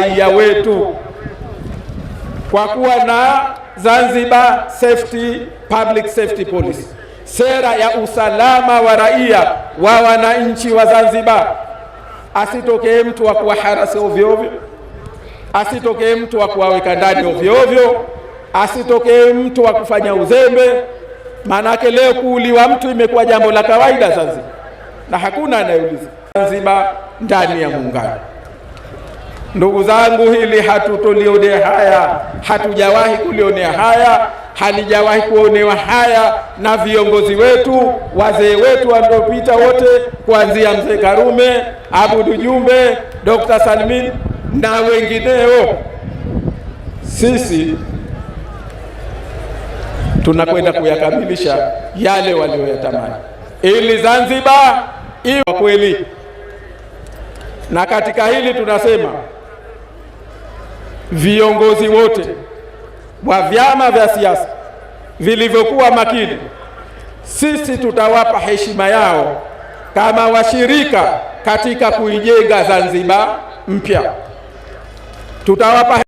raia wetu kwa kuwa na Zanzibar Safety Public Safety Police, sera ya usalama wa raia wa wananchi wa Zanzibar. Asitokee mtu wa harasi ovyo ovyo, asitokee mtu wa kuwaweka ndani ovyo ovyo, asitokee mtu wa kufanya uzembe. Maanake leo kuuliwa mtu imekuwa jambo la kawaida Zanzibar na hakuna anayeuliza. Zanzibar ndani ya muungano Ndugu zangu, hili hatutolionea haya, hatujawahi kulionea haya, halijawahi kuonewa haya na viongozi wetu, wazee wetu waliopita wote, kuanzia mzee Karume, Abudu Jumbe, Dr. Salmin na wengineo. Sisi tunakwenda kuyakamilisha yale walioyatamani, ili Zanzibar iwe kweli, na katika hili tunasema viongozi wote wa vyama vya siasa vilivyokuwa makini, sisi tutawapa heshima yao kama washirika katika kuijenga Zanzibar mpya tutawapa